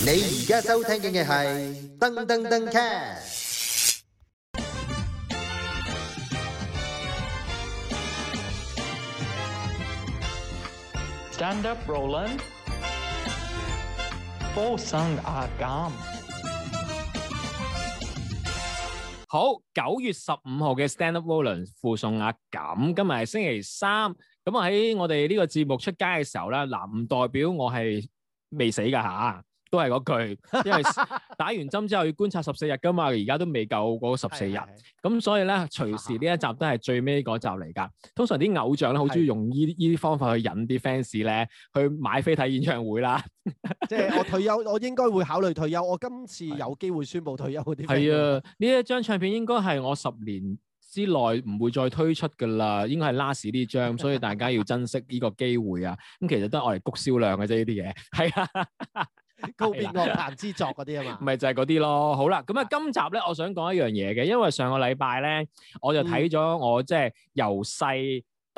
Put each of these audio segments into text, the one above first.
你而家收聽嘅嘅係登登登 cast。Stand up, Roland。附送阿錦。好，九月十五號嘅 Stand up, Roland 附送阿錦。今日係星期三，咁啊喺我哋呢個節目出街嘅時候咧，嗱唔代表我係未死噶吓。都係嗰句，因為打完針之後要觀察十四日噶嘛，而家都未夠嗰十四日，咁是的 所以咧隨時呢一集都係最尾嗰集嚟噶。通常啲偶像咧好中意用依依啲方法去引啲 fans 咧去買飛睇演唱會啦。即係我退休， 我應該會考慮退休。我今次有機會宣布退休啲係啊，呢一張唱片應該係我十年之內唔會再推出噶啦，應該係 last 呢張，所以大家要珍惜呢個機會啊。咁 其實都係我嚟谷銷量嘅啫，呢啲嘢係啊。 告別樂壇之作嗰啲啊嘛，咪 就係嗰啲咯。好啦，咁啊，今集咧，我想講一樣嘢嘅，因為上個禮拜咧，我就睇咗我即係由細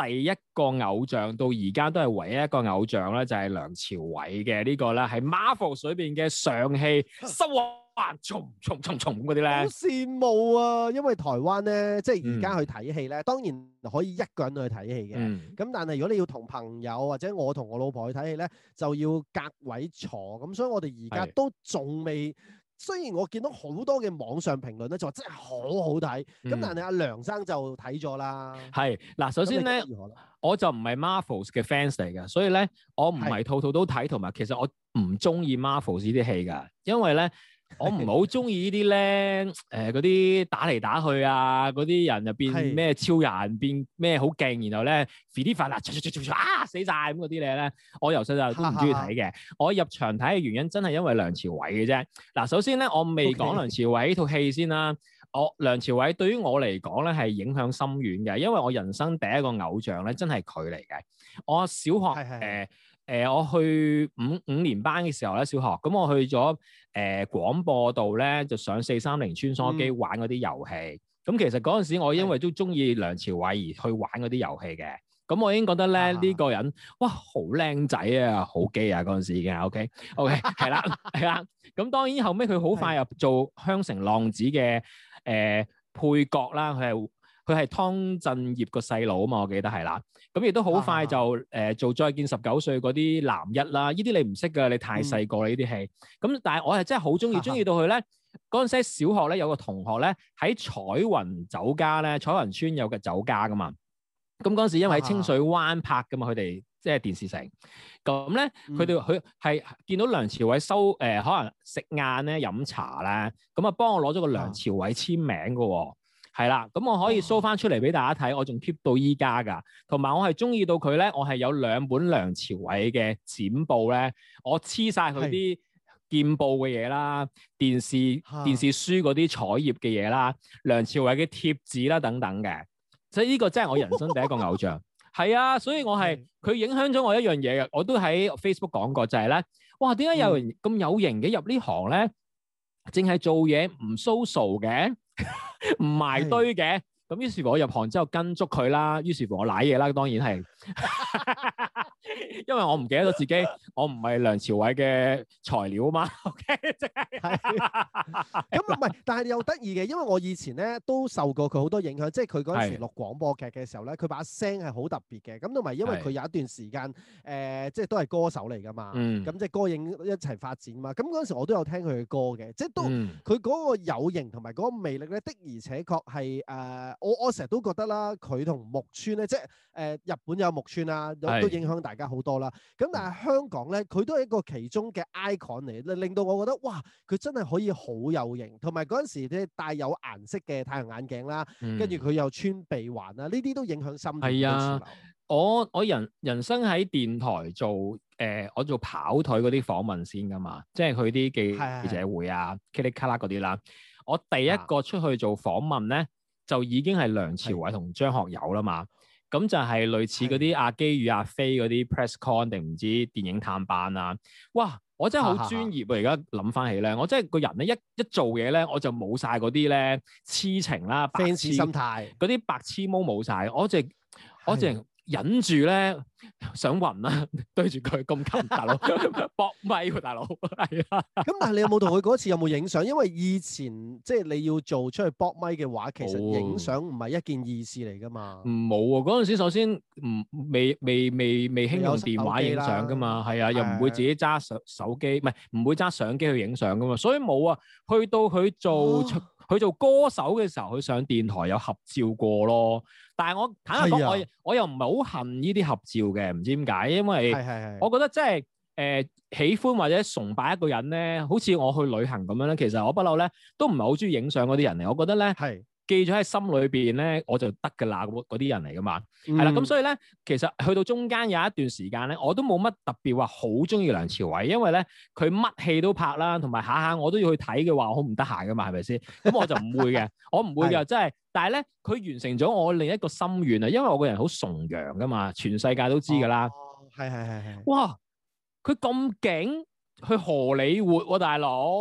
第一個偶像到而家都係唯一一個偶像咧，就係、是、梁朝偉嘅、這個、呢個咧，係 Marvel 裡邊嘅尚氣收 啊、重重重重嗰啲咧，好羨慕啊！因為台灣咧，即係而家去睇戲咧，嗯、當然可以一個人去睇戲嘅。咁、嗯、但係如果你要同朋友或者我同我老婆去睇戲咧，就要隔位坐。咁所以我哋而家都仲未，是雖然我見到好多嘅網上評論咧就真係好好睇。咁、嗯、但係阿梁生就睇咗啦。係嗱，首先咧，我，我就唔係 Marvel 嘅 fans 嚟㗎，所以咧我唔係套套都睇，同埋其實我唔中意 Marvel 呢啲戲㗎，因為咧。我唔係好中意呢啲咧，誒嗰啲打嚟打去啊，嗰啲人入邊咩超人是變咩好勁，然後咧 fit 啲法嗱，啊死晒咁嗰啲咧，我由細就唔中意睇嘅。哈哈，我入場睇嘅原因真係因為梁朝偉嘅啫。嗱、啊，首先咧，我未講梁朝偉呢套戲先啦。Okay. 我梁朝偉對於我嚟講咧係影響深遠嘅，因為我人生第一個偶像咧真係佢嚟嘅。我小學誒。的誒我去五五年班嘅時候咧，小學，咁我去咗誒廣播度咧，就上四三零穿梭機玩嗰啲遊戲。咁其實嗰陣時我因為都中意梁朝偉而去玩嗰啲遊戲嘅。咁我已經覺得咧，呢個人哇，好靚仔啊，好機啊，嗰陣時已經係 OK OK 係啦係啦。咁當然後尾佢好快入做《香城浪子》嘅誒配角啦，佢係。佢係湯鎮業個細佬啊嘛，我記得係啦。咁亦都好快就誒、啊呃、做《再見十九歲》嗰啲男一啦。呢啲你唔識㗎，你太細個啦呢啲戲。咁但係我係真係好中意，中意、啊、到佢咧嗰陣時小學咧有個同學咧喺彩雲酒家咧，彩雲村有個酒家噶嘛。咁嗰陣時因為喺清水灣拍噶嘛，佢哋即係電視城。咁咧佢哋佢係見到梁朝偉收誒、呃，可能食晏咧飲茶咧，咁啊幫我攞咗個梁朝偉簽名㗎喎、啊。係啦，咁我可以 show 翻出嚟俾大家睇，我仲 keep 到依家噶。同埋我係中意到佢咧，我係有兩本梁朝偉嘅剪報咧，我黐晒佢啲見報嘅嘢啦，電視電視書嗰啲彩頁嘅嘢啦，梁朝偉嘅貼紙啦等等嘅。所以呢個真係我人生第一個偶像。係啊， 所以我係佢影響咗我一樣嘢嘅，我都喺 Facebook 講過就係咧，哇點解有人咁有型嘅入呢行咧，淨係做嘢唔 social 嘅？唔埋 堆嘅，咁是於是乎我入行之後跟足佢啦，於是乎我舐嘢啦，當然係。 因為我唔記得到自己， 我唔係梁朝偉嘅材料嘛、okay? 是啊嘛，OK，即係咁唔係，嗯、 但係又得意嘅，因為我以前咧都受過佢好多影響，即係佢嗰時錄廣播劇嘅時候咧，佢把聲係好特別嘅，咁同埋因為佢有一段時間誒、呃，即係都係歌手嚟噶嘛，咁即係歌影一齊發展嘛，咁嗰時我都有聽佢嘅歌嘅，即係都佢嗰個有型同埋嗰個魅力咧，的而且確係誒，我我成日都覺得啦，佢同木村咧，即係誒，日本有木村啊，都影響大家。加好多啦，咁但係香港咧，佢都係一個其中嘅 icon 嚟，令令到我覺得哇，佢真係可以好有型，同埋嗰陣時咧戴有顏色嘅太陽眼鏡啦，嗯、跟住佢又穿鼻環啦，呢啲都影響深遠。係啊，我我人人生喺電台做誒、呃，我做跑腿嗰啲訪問先噶嘛，即係佢啲記記者會啊，噼里卡啦嗰啲啦。我第一個出去做訪問咧，啊、就已經係梁朝偉同張學友啦嘛。咁就係類似嗰啲阿基與阿飛嗰啲 press con 定唔知電影探班啊。哇，我真係好專業啊！而家諗翻起咧，我真係個人咧一一做嘢咧，我就冇晒嗰啲咧痴情啦、啊、fans ancy 白痴心態嗰啲白痴毛冇晒。我直我直。的忍住咧，想暈啦！對住佢咁近，大佬搏咪喎，大佬係啊！咁但係你有冇同佢嗰次有冇影相？因為以前即係你要做出去搏咪嘅話，其實影相唔係一件易事嚟噶嘛。唔冇喎，嗰陣時首先唔未未未未興有電話影相噶嘛，係啊，又唔會自己揸手手機，唔係唔會揸相機去影相噶嘛，所以冇啊。去到佢做出。佢做歌手嘅時候，佢上電台有合照過咯。但係我坦白講是、啊，我我又唔係好恨呢啲合照嘅，唔知點解，因為我覺得即係誒喜歡或者崇拜一個人咧，好似我去旅行咁樣咧，其實我呢不嬲咧都唔係好中意影相嗰啲人嚟，我覺得咧。記咗喺心裏邊咧，我就得㗎啦。嗰啲人嚟噶嘛，係啦、嗯。咁所以咧，其實去到中間有一段時間咧，我都冇乜特別話好中意梁朝偉，因為咧佢乜戲都拍啦，同埋下下我都要去睇嘅話，我好唔得閒噶嘛，係咪先？咁我就唔會嘅， 我唔會嘅，的真係。但係咧，佢完成咗我另一個心願啊，因為我個人好崇洋噶嘛，全世界都知㗎啦。係係係係。哇！佢咁勁。去荷里活、啊、大佬！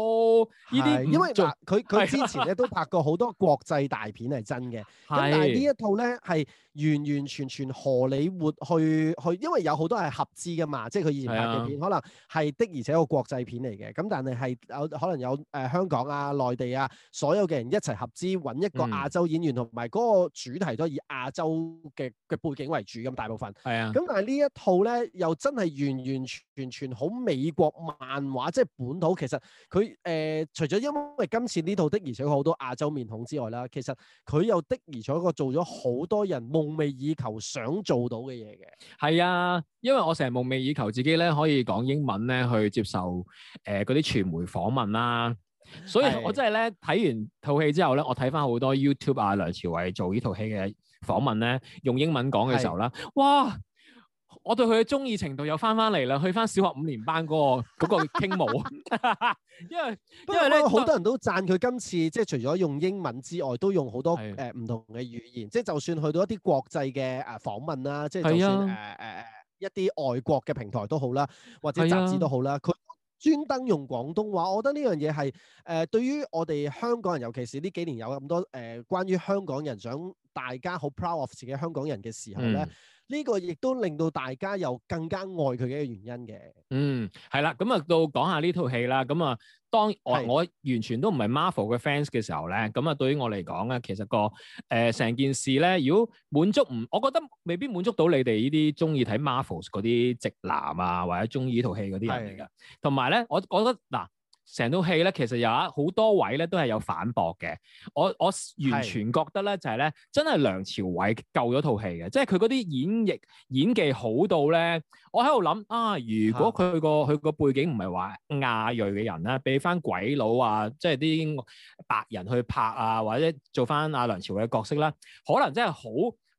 呢啲的因為嗱，佢佢之前咧 都拍過好多國際大片係真嘅，的但係呢一套咧係完完全全荷里活去去，因為有好多係合資嘅嘛，即係佢以前拍嘅片的可能係的，的，而且個國際片嚟嘅，咁但係係有可能有誒、呃、香港啊、內地啊，所有嘅人一齊合資揾一個亞洲演員同埋嗰個主題都以亞洲嘅嘅背景為主，咁大部分。係啊，咁但係呢一套咧又真係完完全全好美國。漫畫即係本土，其實佢誒、呃、除咗因為今次呢套的而且確好多亞洲面孔之外啦，其實佢又的而且確一個做咗好多人夢寐以求想做到嘅嘢嘅。係啊，因為我成日夢寐以求自己咧可以講英文咧去接受誒嗰啲傳媒訪問啦，所以我真係咧睇完套戲之後咧，我睇翻好多 YouTube 啊梁朝偉做呢套戲嘅訪問咧，用英文講嘅時候啦，的哇！我對佢嘅鍾意程度又返返嚟啦，去返小學五年班嗰個嗰個傾慕 ，因為因為咧好多人都讚佢今次即係除咗用英文之外，都用好多誒唔的、呃、同嘅語言，即係就算去到一啲國際嘅誒、呃、訪問啦，即係就算誒誒誒一啲外國嘅平台都好啦，或者雜誌都好啦，佢的專登用廣東話，我覺得呢樣嘢係誒對於我哋香港人，尤其是呢幾年有咁多誒、呃、關於香港人想大家好 proud of 自己香港人嘅時候咧。嗯。呢個亦都令到大家又更加愛佢嘅一個原因嘅。嗯，係啦，咁啊到講下呢套戲啦。咁啊，當我的我完全都唔係 Marvel 嘅 fans 嘅時候咧，咁啊對於我嚟講咧，其實個誒成、呃、件事咧，如果滿足唔，我覺得未必滿足到你哋呢啲中意睇 Marvel 嗰啲直男啊，或者中意的呢套戲嗰啲人嚟㗎。同埋咧，我覺得嗱。啊成套戲咧，其實有一好多位咧，都係有反駁嘅。我我完全覺得咧，就係咧，真係梁朝偉救咗套戲嘅。即係佢嗰啲演繹演技好到咧，我喺度諗啊，如果佢個佢個背景唔係話亞裔嘅人咧，俾翻鬼佬啊，即係啲白人去拍啊，或者做翻阿梁朝偉嘅角色啦，可能真係好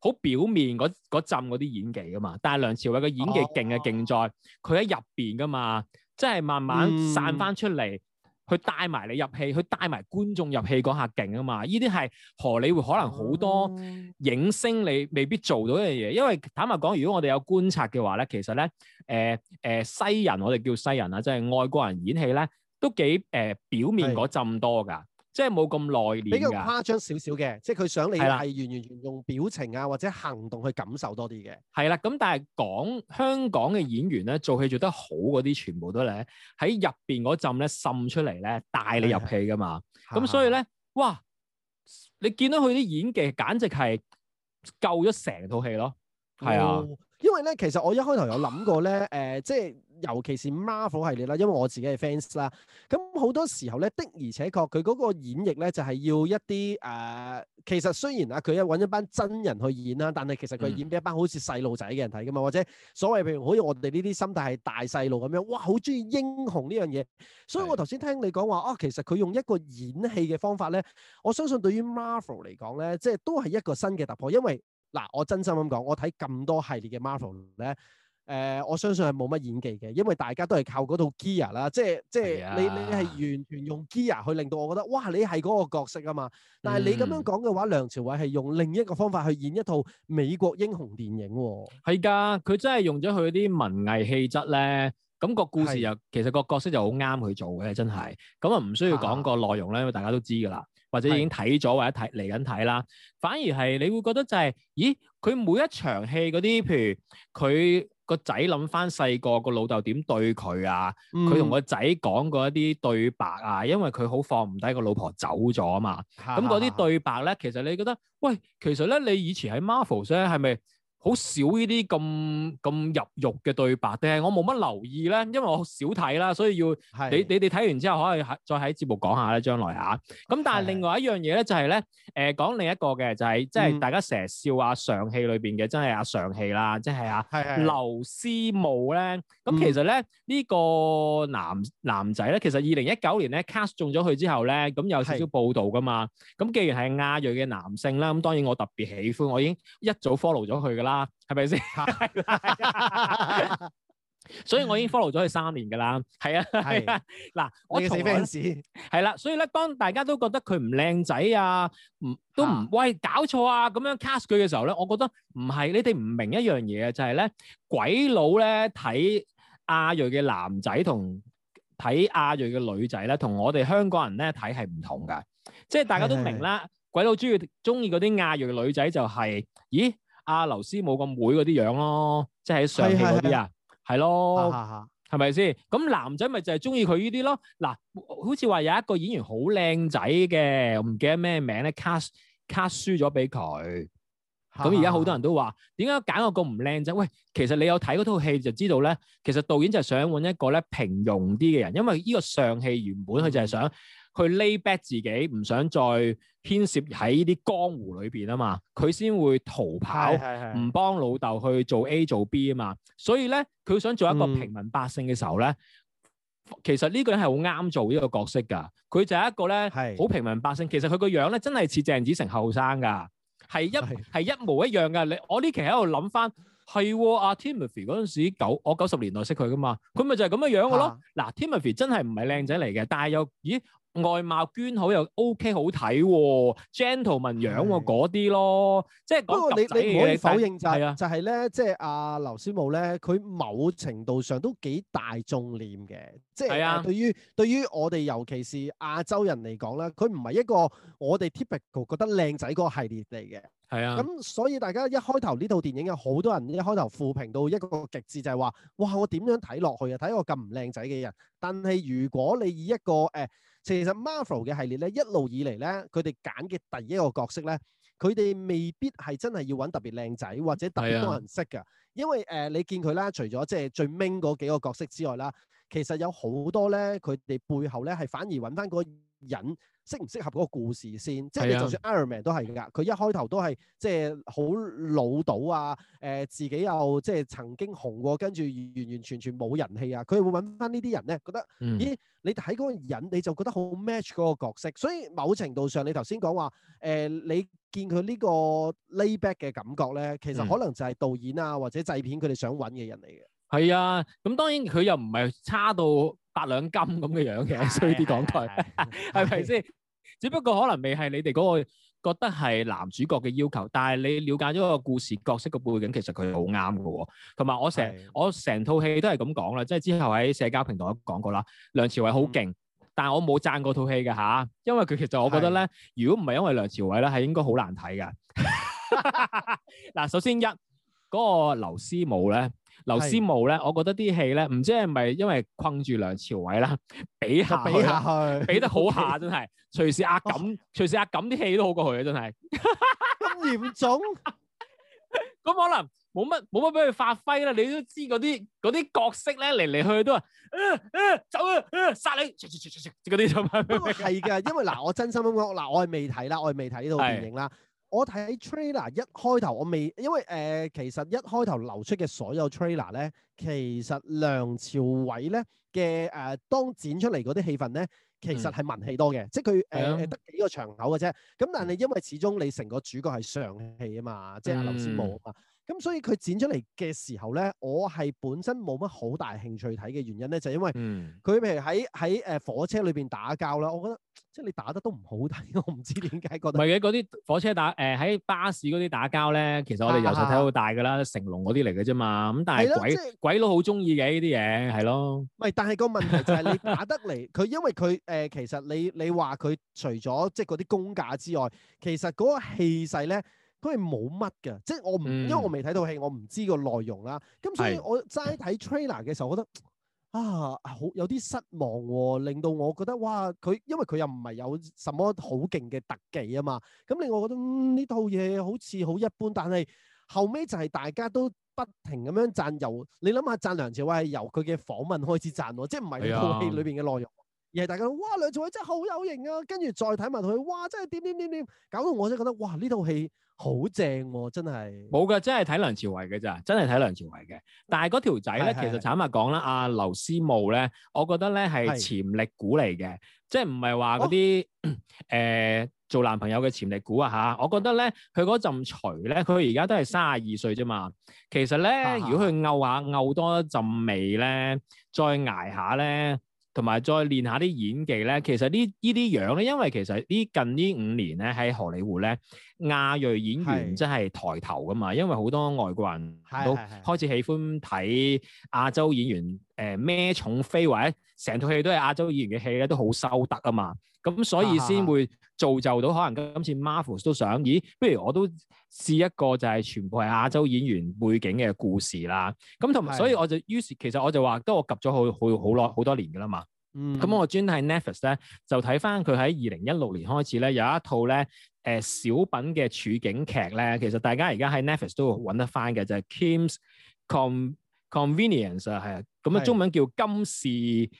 好表面嗰陣嗰啲演技㗎嘛。但係梁朝偉嘅演技勁嘅勁，勁，勁，勁，勁在佢喺入邊噶嘛。即係慢慢散翻出嚟，嗯、去帶埋你入戲，去帶埋觀眾入戲嗰下勁啊嘛！呢啲係荷里活可能好多影星你未必做到一樣嘢，嗯、因為坦白講，如果我哋有觀察嘅話咧，其實咧，誒誒西人，我哋叫西人啊，即係外國人演戲咧，都幾誒、呃、表面嗰陣多㗎。即係冇咁內斂，比較誇張少少嘅，即係佢想你係完完全全用表情啊或者行動去感受多啲嘅。係啦，咁但係講香港嘅演員咧，做戲做得好嗰啲，全部都咧喺入邊嗰陣咧滲出嚟咧帶你入戲噶嘛。咁的所以咧，的哇！你見到佢啲演技簡直係救咗成套戲咯。係啊、嗯，因為咧其實我一開頭有諗過咧，誒、 呃、即係。尤其是 Marvel 系列啦，因為我自己係 fans 啦，咁好多時候咧的而且確佢嗰個演繹咧就係要一啲誒、呃，其實雖然啊佢啊搵一班真人去演啦，但係其實佢演俾一班好似細路仔嘅人睇㗎嘛，嗯、或者所謂譬如好似我哋呢啲心態係大細路咁樣，哇，好中意英雄呢樣嘢，所以我頭先聽你講話是啊，其實佢用一個演戲嘅方法咧，我相信對於 Marvel 嚟講咧，即係都係一個新嘅突破，因為嗱，我真心咁講，我睇咁多系列嘅 Marvel 咧。誒、呃，我相信係冇乜演技嘅，因為大家都係靠嗰套 gear 啦，即係即係你、啊、你係完全用 gear 去令到我覺得，哇！你係嗰個角色啊嘛。但係你咁樣講嘅話，嗯、梁朝偉係用另一個方法去演一套美國英雄電影喎、啊。係㗎，佢真係用咗佢啲文藝氣質咧，咁、個故事又的其實個角色就好啱佢做嘅，真係。咁啊唔需要講個內容咧，啊、因為大家都知㗎啦，或者已經睇咗的或者睇嚟緊睇啦。反而係你會覺得就係、是，咦？佢每一場戲嗰啲，譬如佢。個仔諗翻細個個老豆點對佢啊，佢同個仔講過一啲對白啊，因為佢好放唔低個老婆走咗啊嘛，咁嗰啲對白咧，其實你覺得，喂，其實咧你以前喺 Marvel 咧係咪？好少呢啲咁咁入肉嘅對白，定係我冇乜留意咧，因為我好少睇啦，所以要你你哋睇完之後可以喺再喺節目講下咧，將來吓。咁但係另外一樣嘢咧就係咧，誒講另一個嘅就係即係大家成日笑阿上戲裏邊嘅真係阿上戲啦，即係啊劉思慕咧。咁其實咧呢個男男仔咧，其實二零一九年咧 cast 中咗佢之後咧，咁有少少報導㗎嘛。咁既然係亞裔嘅男性啦，咁當然我特別喜歡，我已經一早 follow 咗佢㗎啦。啊，係咪先？所以，我已經 follow 咗佢三年噶 啦。係啊，係啊。嗱，我同 fans 係啦。所以咧，當大家都覺得佢唔靚仔啊，唔都唔喂，搞錯啊咁樣 cast 佢嘅時候咧，我覺得唔係。你哋唔明一樣嘢啊，就係咧，鬼佬咧睇亞裔嘅男仔同睇亞裔嘅女仔咧，同我哋香港人咧睇係唔同噶。即係大家都明啦， 鬼佬中意中意嗰啲亞裔嘅女仔就係，咦？阿劉思冇咁妹嗰啲樣咯，即係喺上戲嗰啲啊，係 咯，係咪先？咁男仔咪就係中意佢呢啲咯。嗱，好似話有一個演員好靚仔嘅，我唔記得咩名咧，卡卡輸咗俾佢。咁而家好多人都話，點解揀一個唔靚仔？喂，其實你有睇嗰套戲就知道咧，其實導演就係想搵一個咧平庸啲嘅人，因為呢個上戲原本佢就係想。嗯佢 lay back 自己唔想再牽涉喺呢啲江湖裏邊啊嘛，佢先會逃跑，唔幫老豆去做 A 做 B 啊嘛。所以咧，佢想做一個平民百姓嘅時候咧，其實呢個人係好啱做呢個角色㗎。佢就係一個咧，好平民百姓。其實佢個樣咧，真係似鄭子成後生㗎，係一係一模一樣㗎。你我呢期喺度諗翻係阿 Timothy 嗰陣時九，我九十年代識佢㗎嘛，佢咪就係咁嘅樣㗎咯。嗱，Timothy 真係唔係靚仔嚟嘅，但係又咦？外貌捐好又 O、OK、K 好睇喎、哦、，gentleman 樣喎嗰啲咯，即係不過你你唔可以否認就係、是、啊，就係、是、咧，即係阿劉思慕咧，佢某程度上都幾大眾臉嘅，即、就、係、是啊啊、對於對於我哋尤其是亞洲人嚟講咧，佢唔係一個我哋 typical 覺得靚仔嗰個系列嚟嘅，係啊，咁、嗯、所以大家一開頭呢套電影有好多人一開頭負評到一個極致就係話，哇我點樣睇落去啊，睇一個咁唔靚仔嘅人，但係如果你以一個誒，欸欸欸其實 Marvel 嘅系列咧，一路以嚟咧，佢哋揀嘅第一個角色咧，佢哋未必係真係要揾特別靚仔或者特別多人識噶，的因為誒、呃，你見佢啦，除咗即係最 ming 嗰幾個角色之外啦。其實有好多咧，佢哋背後咧係反而揾翻嗰個人適唔適合嗰個故事先。是啊、即係你就算 Ironman 都係㗎，佢一開頭都係即係好老到啊！誒、呃，自己又即係曾經紅過，跟住完完全全冇人氣啊！佢會揾翻呢啲人咧，覺得、嗯、咦，你睇嗰個人你就覺得好 match 嗰個角色。所以某程度上，你頭先講話誒，你見佢呢個 layback 嘅感覺咧，其實可能就係導演啊或者製片佢哋想揾嘅人嚟嘅。係啊，咁當然佢又唔係差到八兩金咁嘅樣嘅，衰啲港台係咪先？ 只不過可能未係你哋嗰個覺得係男主角嘅要求，但係你了解咗個故事角色個背景，其實佢好啱嘅。同埋我成的我成套戲都係咁講啦，即係之後喺社交平台講過啦。梁朝偉好勁，但我冇讚過套戲嘅吓，因為佢其實我覺得咧，的如果唔係因為梁朝偉咧，係應該好難睇嘅。嗱， 首先一嗰個劉思慕咧。劉思慕咧，我覺得啲戲咧，唔知係咪因為困住梁朝偉啦，比下比下去，比得好下真係。隨時壓感，啊、隨時壓感啲戲都好過佢，嘅真係。咁嚴重？咁 可能冇乜冇乜俾佢發揮啦。你都知嗰啲啲角色咧嚟嚟去去都話、呃呃，走啊啊、呃、殺你！嗰啲就係。係噶，因為嗱，我真心咁講，嗱，我係未睇啦，我係未睇呢套電影啦。我睇 trailer 一開頭，我未，因為誒、呃，其實一開頭流出嘅所有 trailer 咧，其實梁朝偉咧嘅誒，當剪出嚟嗰啲戲份咧，其實係文戲多嘅，嗯、即係佢誒得幾個場口嘅啫。咁但係因為始終你成個主角係尚氣啊嘛，即係阿劉思慕啊嘛。嗯咁所以佢剪出嚟嘅時候咧，我係本身冇乜好大興趣睇嘅原因咧，就係、因為佢譬如喺喺誒火車裏邊打交啦，我覺得即係你打得都唔好睇，我唔知點解覺得唔係嘅嗰啲火車打誒喺、呃、巴士嗰啲打交咧，其實我哋由細睇到大噶啦，啊、成龍嗰啲嚟嘅啫嘛，咁但係鬼、就係、鬼佬好中意嘅呢啲嘢係咯，唔係但係個問題就係你打得嚟佢， 因為佢誒、呃、其實你你話佢除咗即係嗰啲功架之外，其實嗰個氣勢咧。佢係冇乜嘅，即係我唔、嗯、因為我未睇套戲，我唔知個內容啦。咁所以我齋睇 trailer 嘅時候，我覺得的啊好有啲失望喎、哦，令到我覺得哇佢因為佢又唔係有什麼好勁嘅特技啊嘛。咁令我覺得呢、嗯、套嘢好似好一般，但係後尾就係大家都不停咁樣讚由你諗下讚梁朝偉係由佢嘅訪問開始讚喎、哦，即係唔係套戲裏邊嘅內容。而係大家話：哇，梁朝偉真係好有型啊！跟住再睇埋佢，哇，真係點點點點，搞到我真係覺得，哇！呢套戲好正喎，真係冇㗎，真係睇梁朝偉嘅咋，真係睇梁朝偉嘅。但係嗰條仔咧，是是是是其實坦白講啦，阿劉思慕咧，我覺得咧係潛力股嚟嘅，是是即係唔係話嗰啲誒做男朋友嘅潛力股啊嚇？我覺得咧，佢嗰陣除咧，佢而家都係三十二歲啫嘛。其實咧，啊、哈 如果佢拗下拗多一陣味咧，再捱下咧。同埋再練下啲演技咧，其實呢呢啲樣咧，因為其實呢近呢五年咧，喺荷里活咧，亞裔演員真係抬頭噶嘛，是因為好多外國人都開始喜歡睇亞洲演員。誒咩、呃、重飛或者成套戲都係亞洲演員嘅戲咧，都好收得啊嘛，咁所以先會造就到、啊、可能今次 Marvel 都想，咦，不如我都試一個就係全部係亞洲演員背景嘅故事啦。咁同埋，所以我就是的於是其實我就話，都我及咗好好好耐好多年噶啦嘛。嗯，咁我專睇 Netflix 咧，就睇翻佢喺二零一六年開始咧有一套咧誒、呃、小品嘅處境劇咧，其實大家而家喺 Netflix 都揾得翻嘅就係、是、Kim's Com convenience 啊，係啊，咁啊中文叫金氏誒、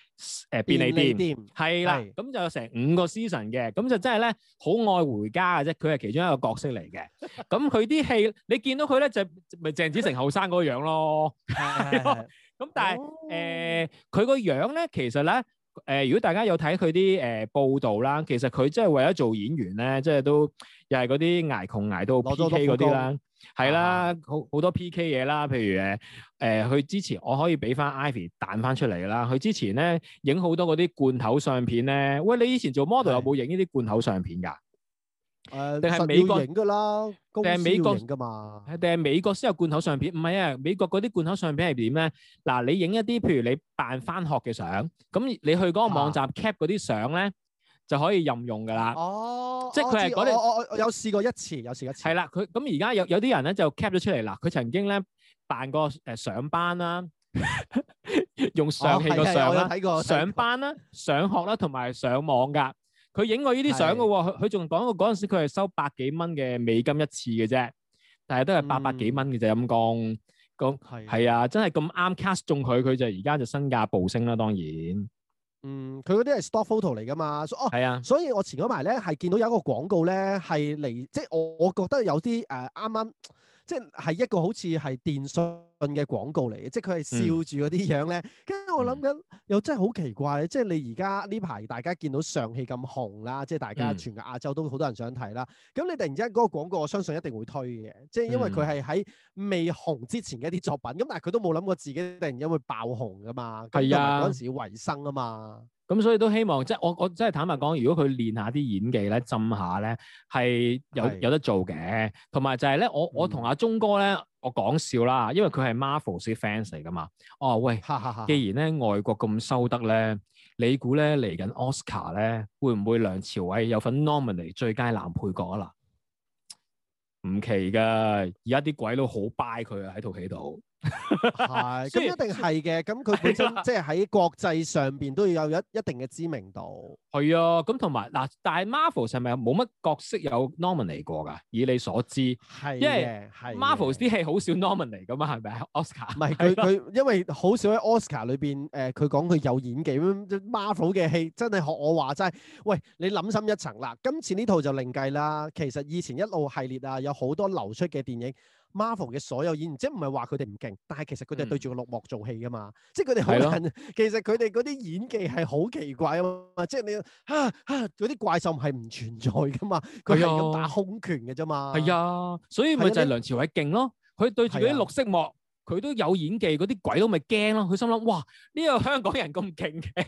呃、便利店，係啦的，咁的就有成五個 season 嘅，咁就真係咧好愛回家嘅啫，佢係其中一個角色嚟嘅。咁佢啲戲，你見到佢咧就咪、是、鄭、就是、子誠後生嗰樣咯。咁 但係是誒，佢個、哦呃、樣咧其實咧誒、呃，如果大家有睇佢啲誒報道啦，其實佢真係為咗做演員咧，即、就、係、是、都又係嗰啲挨窮挨到 PK 嗰啲啦。係啦，好好多 P K 嘢啦，譬如誒誒，佢、呃、之前我可以俾翻 Ivy 彈翻出嚟噶啦。佢之前咧影好多嗰啲罐頭相片咧，喂，你以前做 model 有冇影呢啲罐頭相片噶？誒、呃，定係美國影噶啦，定係美國影噶嘛？定係美國先有罐頭相片？唔係啊，美國嗰啲罐頭相片係點咧？嗱、啊，你影一啲，譬如你扮翻學嘅相，咁你去嗰個網站 cap 嗰啲、啊、相咧。就可以任用㗎啦。哦，即係佢係我我，有試過一次，有試過一次。係啦，佢咁而家有有啲人咧就 cap 咗出嚟啦。佢曾經咧扮過誒上班啦，用上戲個相啦，睇過，上班啦、上學啦同埋上網㗎。佢影過呢啲相㗎喎。佢佢仲講過嗰陣時佢係收百幾蚊嘅美金一次嘅啫，但係都係八百幾蚊嘅啫咁講。咁係啊，真係咁啱 cast 中佢，佢就而家就身價暴升啦。當然。嗯，佢嗰啲係 s t o r e photo 嚟噶嘛，所、啊、哦，係啊，所以我前嗰排咧係見到有一個廣告咧係嚟，即係我我覺得有啲誒啱啱，即係一個好似係電信。.嘅廣告嚟嘅，即係佢係笑住嗰啲樣咧。跟住我諗緊，又真係好奇怪，即係你而家呢排大家見到上戲咁紅啦，即係大家全個亞洲都好多人想睇啦。咁你突然之間嗰個廣告，我相信一定會推嘅。即係因為佢係喺未紅之前嘅一啲作品。咁但係佢都冇諗過自己突然之間會爆紅噶嘛。係啊，嗰陣時要維生啊嘛。咁所以都希望即係我我真係坦白講，如果佢練下啲演技咧，浸下咧係有有得做嘅。同埋就係咧，我我同阿中哥咧。我講笑啦，因為佢係 Marvel 啲 fans 嚟噶嘛。哦喂， 既然咧外國咁收得咧，你估咧嚟緊 Oscar 咧會唔會梁朝偉有份 Nominee 最佳男配角啊啦？唔奇噶，而家啲鬼佬好 buy 佢啊喺套戲度。係，咁 一定係嘅。咁佢是本身的即係喺國際上邊都要有一一定嘅知名度。係啊，咁同埋嗱，但係 Marvel 係咪冇乜角色有 Nominate 過噶？以你所知，係的，因為 Marvel 啲戲好少 Nominate 噶嘛，係咪 Oscar？唔係佢佢，因為好的的少喺 Oscar 吧少裏邊誒，佢講佢有演技。咁 Marvel 嘅戲真係學我話齋，喂，你諗深一層啦。今次呢套就另計啦。其實以前一路系列啊，有好多流出嘅電影。Marvel 嘅所有演員，即係唔係話佢哋唔勁，但係其實佢哋對住個綠幕做戲噶嘛，即係佢哋可能其實佢哋嗰啲演技係好奇怪啊嘛，即係你吓吓嗰啲怪獸係唔存在噶嘛，佢係咁打空拳嘅啫嘛。係啊，所以咪就係梁朝偉勁咯，佢的對住嗰啲綠色幕，佢的都有演技，嗰啲鬼都咪驚咯，佢心諗哇呢、這個香港人咁勁嘅。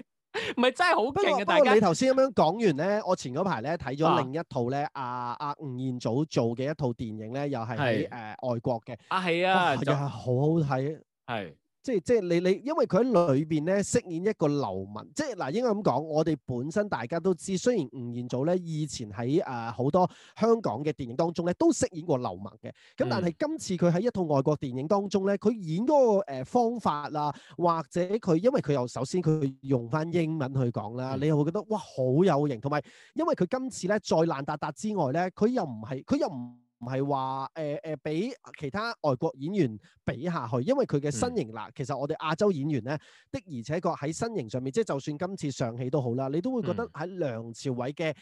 唔係 真係好勁嘅，不過你頭先咁樣講完咧，我前嗰排咧睇咗另一套咧，阿阿吳彥祖做嘅一套電影咧，又係喺誒是、呃、外國嘅，啊係啊，又係、啊啊、就好好睇，係。即係即係你你，你因為佢喺裏邊咧飾演一個流氓，即係嗱應該咁講，我哋本身大家都知，雖然吳彥祖咧以前喺誒好多香港嘅電影當中咧都飾演過流氓嘅，咁但係今次佢喺一套外國電影當中咧，佢演嗰個誒方法啊，或者佢因為佢又首先佢用翻英文去講啦，嗯、你又會覺得哇好有型，同埋因為佢今次咧再爛達達之外咧，佢又唔係佢又唔。唔係話誒誒俾其他外國演員比下去。因為佢嘅身形啦，嗯、其實我哋亞洲演員咧的而且確喺身形上面，即係就算今次上戲都好啦，你都會覺得喺梁朝偉嘅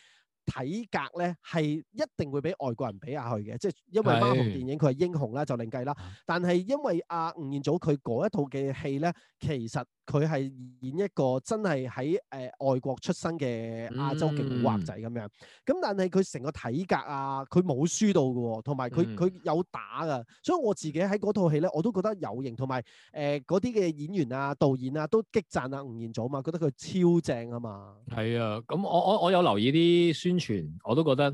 體格咧係一定會比外國人比下去嘅，即係因為 Marvel 電影佢係英雄啦就另計啦，但係因為阿吳彥祖佢嗰一套嘅戲咧，其實。佢係演一個真係喺誒外國出生嘅亞洲勁惑仔咁樣咁，嗯、但係佢成個體格啊，佢冇輸到㗎喎，哦，同埋佢佢有打㗎，所以我自己喺嗰套戲咧，我都覺得有型，同埋誒嗰啲嘅演員啊，導演啊都激讚啊吳彥祖啊，覺得佢超正啊嘛，係啊，咁、嗯、我我我有留意啲宣傳，我都覺得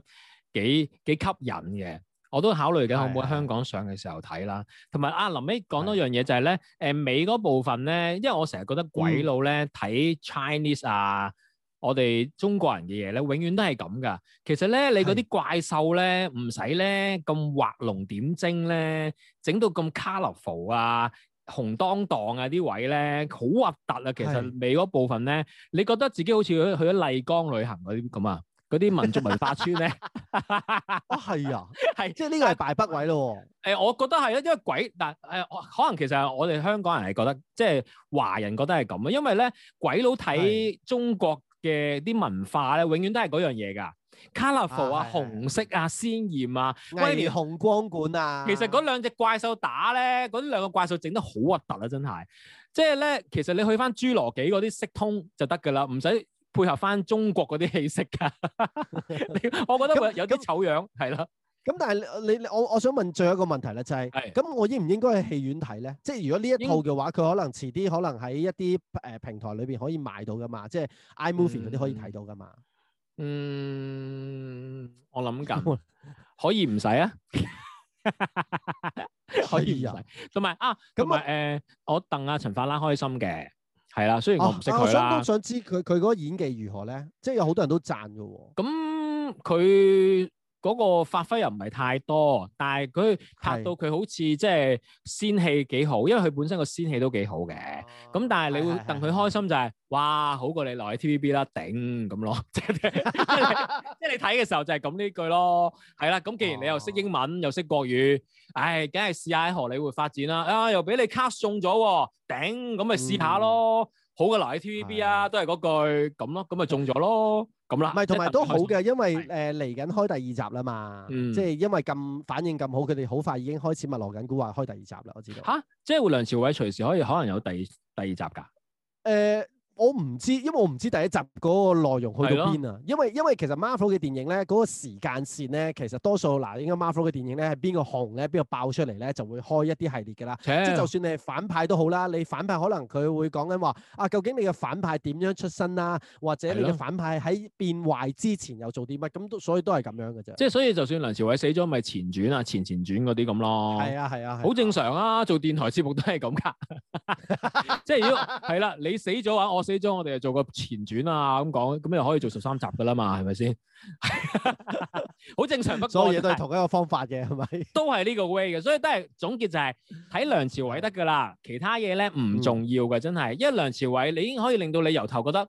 幾幾吸引嘅。我都考慮緊可唔可以香港上嘅時候睇啦，同埋阿臨尾講多樣嘢就係、是、咧，誒尾嗰部分咧，因為我成日覺得鬼佬咧睇 Chinese 啊，我哋中國人嘅嘢咧，永遠都係咁噶。其實咧，你嗰啲怪獸咧，唔使咧咁畫龍點睛咧，整到咁 colorful 啊、紅當當啊啲位咧，好核突啊。其實美嗰部分咧，的你覺得自己好似去咗麗江旅行嗰啲咁啊？嗰啲民族文化村咧、 哦，啊係啊，係 即係呢個係敗筆位咯喎 哎！我覺得係啊，因為鬼但誒、呃，可能其實係我哋香港人係覺得，即係華人覺得係咁啊，因為咧鬼佬睇中國嘅啲文化咧，永遠都係嗰樣嘢㗎 colorful 啊，紅色啊，鮮豔啊，的威尼力紅光管啊，其實嗰兩隻怪獸打咧，嗰兩個怪獸整得好核突啊！真係，即係咧，其實你去翻侏羅紀嗰啲色通就得㗎啦，唔使。配合翻中國嗰啲氣息㗎， 我覺得佢有啲醜樣，係咯 那。咁的但係你，你我我想問最後一個問題咧、就係，就係咁我應唔應該去戲院睇咧？即係如果呢一套嘅話，佢應可能遲啲可能喺一啲誒平台裏邊可以買到㗎嘛，即係 iMovie 嗰啲、嗯、可以睇到㗎嘛。嗯，我諗緊，可以唔使啊， 可以唔使。同埋的啊，同埋誒，我鄧阿陳法拉開心嘅。係啦，雖然我唔識，啊啊、我想都想知佢佢嗰個演技如何咧，即係有好多人都讚嘅喎，哦。咁佢、嗯。嗰個發揮又唔係太多，但係佢拍到佢好似即係仙氣幾好，因為佢本身個仙氣都幾好嘅。咁但係你會戥佢開心就係，哇，好過你留喺 TVB 啦，頂咁咯。即係即係，即係你睇嘅時候就係咁呢句咯。係啦，咁既然你又識英文又識國語，唉，梗係試下喺荷里活發展啦。啊，又俾你卡中咗喎，頂，咁咪試下咯。好嘅，留喺 TVB 啊，都係嗰句咁咯，咁咪中咗咯。咁啦，唔係，同埋都好嘅，是因為誒嚟緊開第二集啦嘛，即係、嗯、因為咁反應咁好，佢哋好快已經開始密鑼緊鼓話開第二集啦，我知道。嚇、啊，即、就、係、是、梁朝偉隨時可以可能有第第二集㗎。誒、呃。我唔知，因為我唔知第一集嗰個內容去到邊啊！是的 因為因為其實 Marvel 嘅電影咧，嗰個時間線咧，其實多數嗱，應該 Marvel 嘅電影咧，係邊個紅咧，邊個爆出嚟咧，就會開一啲系列㗎啦。即嘿 就，就算你係反派都好啦，你反派可能佢會講緊話啊，究竟你嘅反派點樣出身啊？或者你嘅反派喺變壞之前又做啲乜？咁所以都係咁樣㗎啫。即係所以，就算梁朝偉死咗，咪前傳啊、前前傳嗰啲咁咯。係啊係啊，係好正常啊！做電台節目都係咁㗎，即係如果係啦，你死咗嘅話，我。我四章我哋又做個前傳啊咁講，咁又可以做十三集㗎喇嘛，係咪先？好 正常。 不過所有嘢都係同一個方法嘅，係咪？都係呢個 way 嘅，所以都係總結就係、是、睇梁朝偉得㗎喇，其他嘢咧唔重要嘅，真係。因為梁朝偉你已經可以令到你由頭覺得，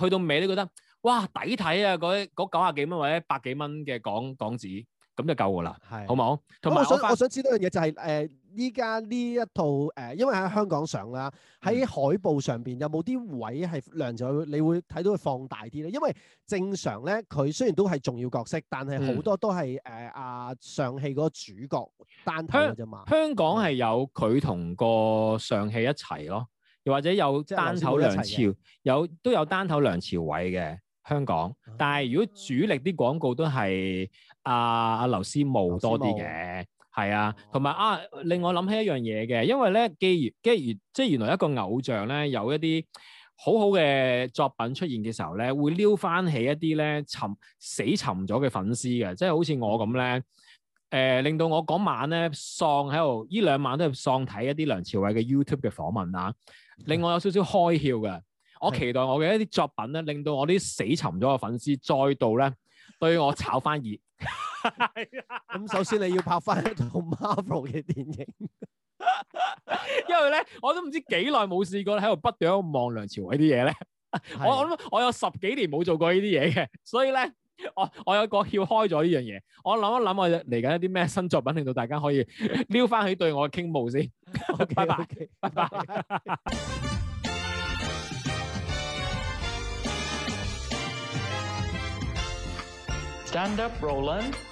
去到尾都覺得，哇抵睇啊！嗰九廿幾蚊或者百幾蚊嘅港港紙，咁就夠㗎喇，係的好冇。同埋我想我,我想知道嘅嘢就係、是、誒。呃依家呢一套誒、呃，因為喺香港上啦，喺海報上邊有冇啲位係梁朝，你會睇到佢放大啲咧？因為正常咧，佢雖然都係重要角色，但係好多都係誒阿尚氣嗰個主角單頭㗎啫嘛。香港係有佢同個尚氣一齊咯，又或者有單頭梁朝，即係梁朝有都有單頭梁朝偉嘅香港。但係如果主力啲廣告都係阿阿劉思慕多啲嘅。係啊，同埋啊，令我諗起一樣嘢嘅。因為咧，既然既然即係原來一個偶像咧，有一啲好好嘅作品出現嘅時候咧，會撩翻起一啲咧沉死沉咗嘅粉絲嘅，即係好似我咁咧，誒、呃、令到我嗰晚咧喪喺度，呢兩晚都係喪睇一啲梁朝偉嘅 YouTube 嘅訪問啊，令我有少少開竅嘅，我期待我嘅一啲作品咧，令到我啲死沉咗嘅粉絲再度咧對我炒翻熱。 咁首先你要拍翻一套 Marvel 嘅電影，因為咧我都唔知幾耐冇試過喺度不斷望梁朝偉啲嘢咧，我諗我有十幾年冇做過呢啲嘢嘅，所以咧我我有個撬開咗呢樣嘢，我諗一諗我嚟緊一啲咩新作品令到大家可以撩翻起對我嘅傾慕先，好，拜拜，拜拜。Stand up, Roland.